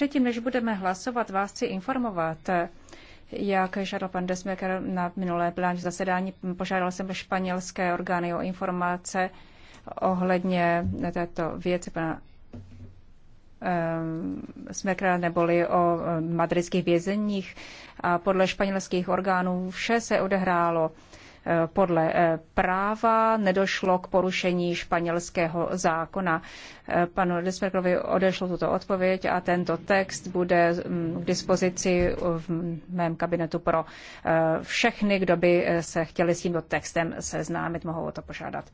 Předtím, než budeme hlasovat, vás chci informovat, jak žádal pan Desmeker na minulé plán zasedání, požádal jsem španělské orgány o informace ohledně této věci pana ehm, Smekra neboli o ehm, madridských vězeních. A podle španělských orgánů vše se odehrálo podle eh, práva, nedošlo k porušení španělského zákona. Eh, panu Desperkovi odešlo tuto odpověď a tento text bude mm, k dispozici v mém kabinetu pro eh, všechny, kdo by se chtěli s tímto textem seznámit, mohou o to požádat.